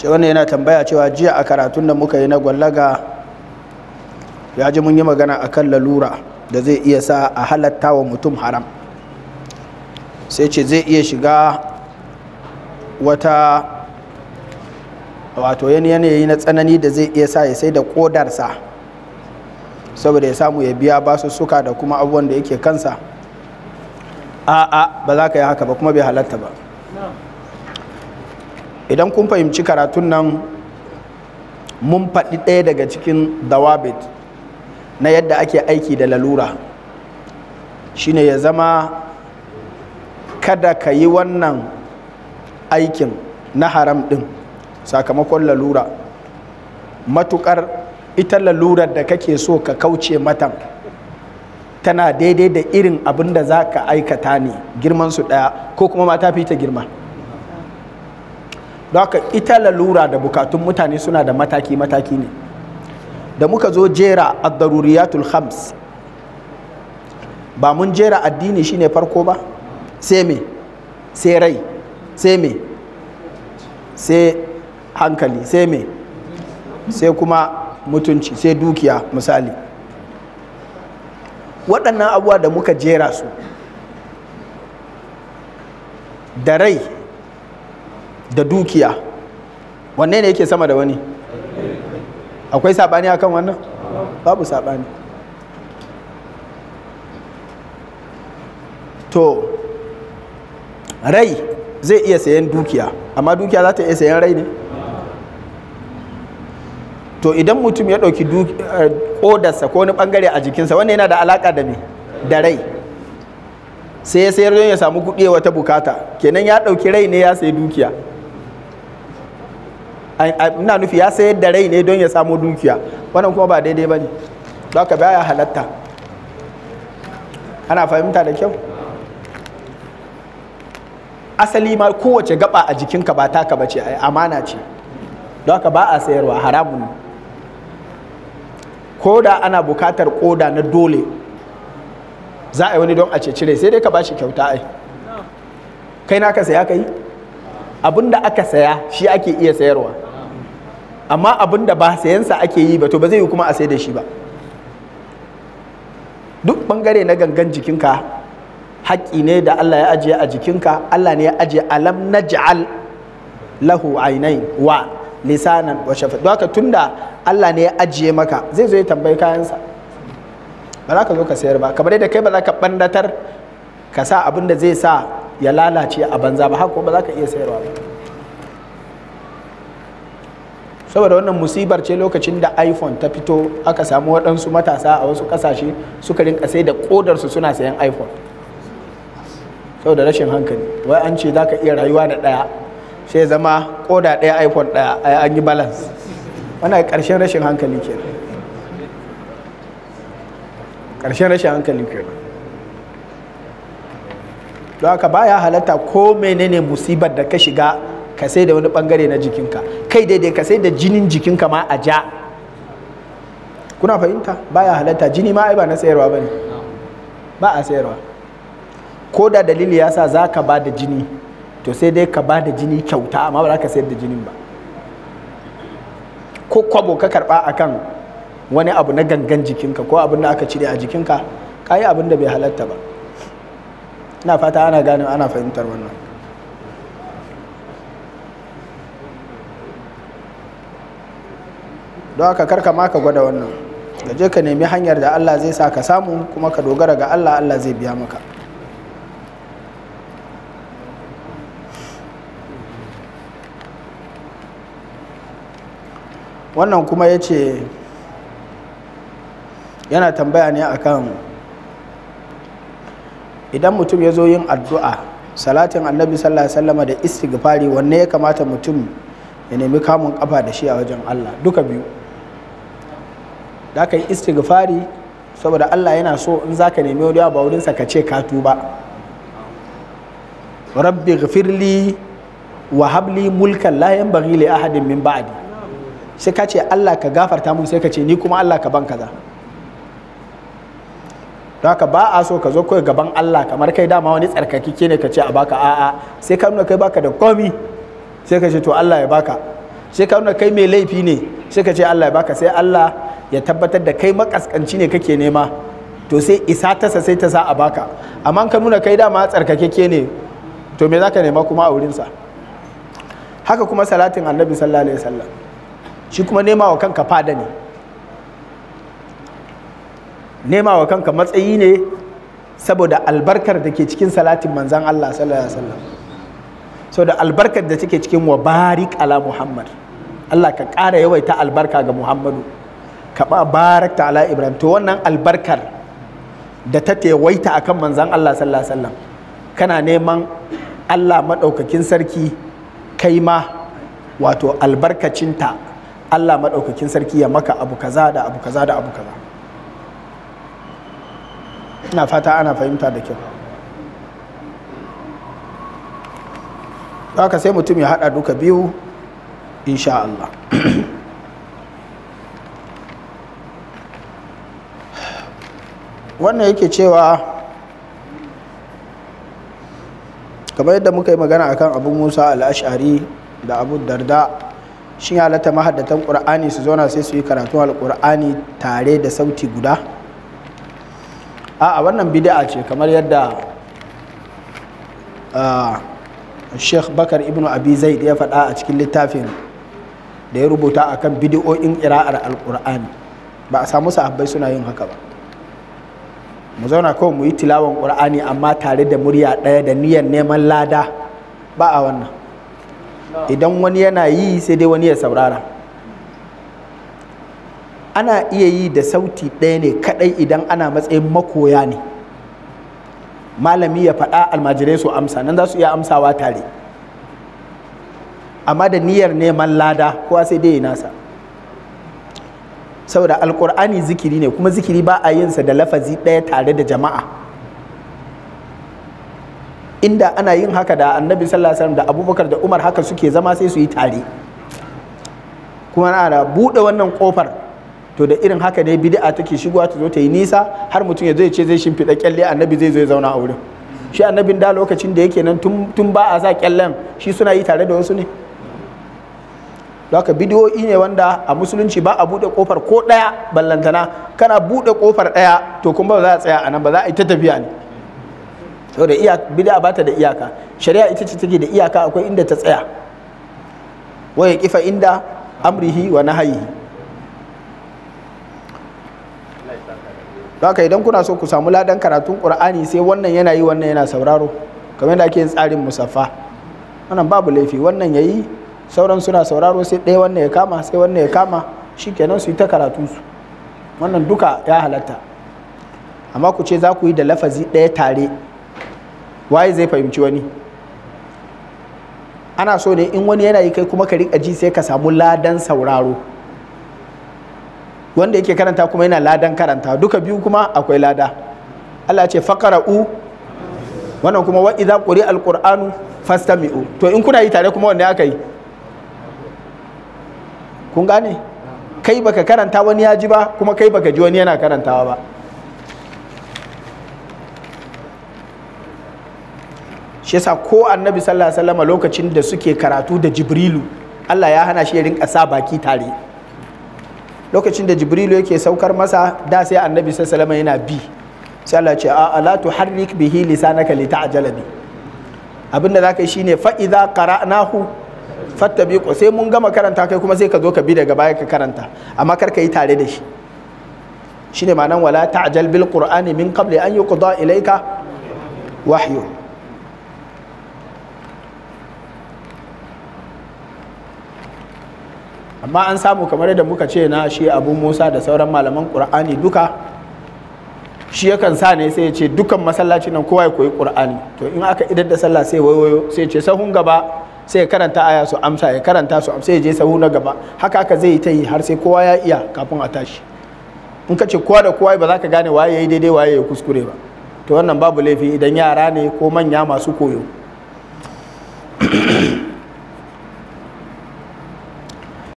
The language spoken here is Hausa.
shi wanda yana tambaya cewa jiya a karatun da muka yi na gwallaga ya ji mun yi magana a kan lalura da zai iya sa a halatta wa mutum haram sai ce zai iya shiga wata wato yanayi na tsanani da zai iya sa ya sai da kodarsa saboda ya samu ya biya basu suka da kuma abubuwan da yake kansa a'a ba za ka yi haka ba kuma bai halatta ba idan kun fahimci karatun nan mun faɗi ɗaya daga cikin dawabit na yadda ake aiki da lalura shine ya zama kada ka yi wannan aikin na haram ɗin sakamakon lalura Matuƙar ita lalurar da kake so ka kauce matan tana daidai da irin abin da za ka aikata ne girmansu ɗaya ko kuma mata fi ta girma don haka ita lalura da bukatun mutane suna da mataki-mataki ne da muka zo jera ad-daruriyatul khams ba mun jera addini shine farko ba sai me sai rai sai me sai hankali sai me sai kuma mutunci sai dukiya misali waɗannan abubuwa da muka jera su da rai da dukiya wanne ne yake sama da wani akwai saɓani kan wannan babu saɓani to rai zai iya sayan dukiya amma dukiya za ta iya sayan rai ne to idan mutum ya ɗauki kodarsa eh, ko wani ɓangare a jikinsa wannan yana da alaƙa da me da rai sai ya sayar don ya samu kuɗi wata bukata kenan ya ɗauki rai ne ya sayi dukiya ina nufi ya sayar da rai ne don ya samo dukiya wannan kuma ba daidai ba ne ba ka baya halatta ana fahimta da kyau asali ma kowace gaba a jikinka ba taka ba ce amana ce don ka ba a sayarwa haramun ko da ana bukatar koda na dole za a yi wani don a ce cire sai dai ka bashi kyauta ai kai na ka saya ka yi abinda da aka saya shi ake iya sayarwa amma abin da ba sayansa ake yi ba to ba zai yi kuma a sai da shi ba duk bangare na gangan jikinka haƙƙi ne da Allah ya ajiye a jikinka Allah ne ya ajiye alam na ja'al lahu ainai wa lisanan wa shafa don haka tunda Allah ne ya ajiye maka zai zo ya tambayi kayansa ba za ka zo ka sayar ba kamar yadda kai ba za ka bandatar ka sa abin da zai sa ya lalace a banza ba haka ba za ka iya sayarwa ba saboda wannan musibar ce lokacin da iphone ta fito aka samu waɗansu matasa a wasu ƙasashe suka rinka sai da ƙodarsu suna sayan iphone saboda rashin hankali wai an ce za ka iya rayuwa da ɗaya sai zama ƙoda ɗaya iphone ɗaya an yi balance wannan ƙarshen rashin hankali kenan ƙarshen rashin hankali kenan don haka baya halatta ko menene musibar da ka shiga ka sai da wani bangare na jikinka kai daidai ka sai da jinin jikinka ma a ja kuna fahimta baya halatta jini ma ba na sayarwa bane ba a sayarwa ko da dalili ya sa za ka ba da jini to sai dai ka ba da jini kyauta amma ba za ka sayar da jinin ba ko kwabo ka karba kan wani abu na gangan jikinka ko abin da aka cire a jikinka ka yi abin da bai halatta ba na fata ana gane ana fahimtar wannan don haka karka ma ka gwada wannan ka je ka nemi hanyar da Allah zai sa ka samu kuma ka dogara ga Allah Allah zai biya maka wannan kuma ya ce yana tambaya ne akan idan mutum ya zo yin addu'a salatin annabi sallallahu alaihi wasallama da istighfari wanne ya kamata mutum ya nemi kamun kafa da shi a wajen Allah duka biyu da ka yi istighfari saboda Allah yana so in za ka nemi wani ba wurinsa ka ce ka tuba rabbi ghafirli wa habli mulkan la yanbaghi li ahadin min ba'di sai ka ce Allah ka gafarta mun sai ka ce ni kuma Allah ka ban kaza da haka ba a so ka zo kai gaban Allah kamar kai dama wani tsarkaki ne ka ce a baka a'a sai ka nuna kai baka da komi sai ka ce to Allah ya baka sai ka nuna kai mai laifi ne sai ka ce Allah ya baka sai Allah ya tabbatar da kai makaskanci ne kake nema to sai isa tasa sai ta sa a baka amma ka nuna kai dama tsarkakeke ne to me zaka nema kuma a wurinsa haka kuma salatin annabi sallallahu alaihi wasallam shi kuma nema wa kanka fada ne nema wa kanka matsayi ne saboda albarkar da ke cikin salatin manzan Allah sallallahu alaihi wasallam saboda albarkar da take cikin wa barik ala muhammad Allah ka ƙara yawaita albarka ga muhammadu kaba barak ala ibrahim to wannan albarkar da ta tewaita akan manzan Allah sallallahu alaihi wasallam kana neman Allah maɗaukakin sarki kai ma wato albarkacinta Allah maɗaukakin sarki ya maka abu kaza da abu kaza da abu kaza ina fata ana fahimta da kyau haka sai mutum ya haɗa duka biyu insha Allah wannan yake cewa kamar yadda muka yi magana akan abu musa al'ashari da abu darda shi halatta mahaddatan ƙur'ani su zauna sai su yi karatun alƙur'ani tare da sauti guda a wannan bid'a ce kamar yadda sheikh bakar ibn abi zaid ya faɗa a cikin littafin da ya rubuta akan bidi'o'in ƙira'ar alƙur'ani ba a samu sahabbai suna yin haka ba mu zauna kawai mu yi tilawan ƙur'ani amma tare da murya ɗaya da niyyar neman lada ba a wannan idan wani yana yi sai dai wani ya saurara ana iya yi da sauti ɗaya ne kaɗai idan ana matsayin makoya ne malami ya faɗa almajirai su amsa nan za su iya amsawa tare amma da niyyar neman lada kowa sai dai nasa saboda alkur'ani zikiri ne kuma zikiri ba a yinsa da lafazi ɗaya tare da jama'a inda ana yin haka da annabi sallallahu alaihi da abubakar da umar haka suke zama sai su yi tare kuma na da buɗe wannan kofar to da irin haka ne bid'a take shigowa ta zo ta yi nisa har mutum ya zo ya ce zai shimfiɗa kyalle annabi zai zo ya zauna a wurin shi annabin da lokacin da yake nan tun ba a sa kyallen shi suna yi tare da wasu ne haka bidiyoyi ne wanda a musulunci ba a buɗe kofar ko ɗaya ballantana kana buɗe kofar ɗaya to kuma ba za a tsaya a nan ba za a yi ta tafiya ne da iya bid'a ba ta da iyaka shari'a ita ce take da iyaka akwai inda ta tsaya waya kifa inda amrihi wa nahayihi haka idan kuna so ku samu ladan karatun qur'ani sai wannan yana yi wannan yana sauraro kamar yadda ake yin tsarin musaffa wannan babu laifi wannan yayi sauran suna sauraro sai ɗaya wannan ya kama sai wannan ya kama kenan su yi ta karatu su wannan duka ya halatta amma ku ce za ku yi da lafazi ɗaya tare waye zai fahimci wani ana so ne in wani yana yi kai kuma ka riƙa ji sai ka samu ladan sauraro wanda yake karanta kuma yana ladan karanta duka biyu kuma akwai lada Allah ce u wannan kuma wa'iza ƙuri alƙur'anu fastami'u to in kuna yi tare kuma wanda aka yi kun gane kai baka karanta wani ya ji ba kuma kai baka ji wani yana karantawa ba shi yasa ko annabi sallallahu alaihi wasallam lokacin da suke karatu da jibrilu Allah ya hana shi ya rinka sa baki tare lokacin da jibrilu yake saukar masa da sai annabi sallallahu alaihi wasallam yana bi sai Allah ce a ala tuharrik bihi lisanaka lita'jala bi abinda zaka yi shine fa idza qara'nahu fattabiqu sai mun gama karanta kai kuma sai ka zo ka bi daga baya ka karanta amma kar ka yi tare da shi shine ma'anan wala ta'jal bil qur'ani min qabli an yuqda ilayka wahyu amma an samu kamar yadda muka ce na shi abu musa da sauran malaman qur'ani duka shi yakan sa ne sai ya ce dukan masallaci nan kowa ya koyi qur'ani to in aka idar da sallah sai wayoyo sai ce sahun gaba sai ya karanta aya su amsa ya karanta su amsa ya je sahu na gaba haka aka zai ta yi har sai kowa ya iya kafin a tashi in ka ce kowa da kowa ba za ka gane waye ya yi daidai waye ya kuskure ba to wannan babu laifi idan yara ne ko manya masu koyo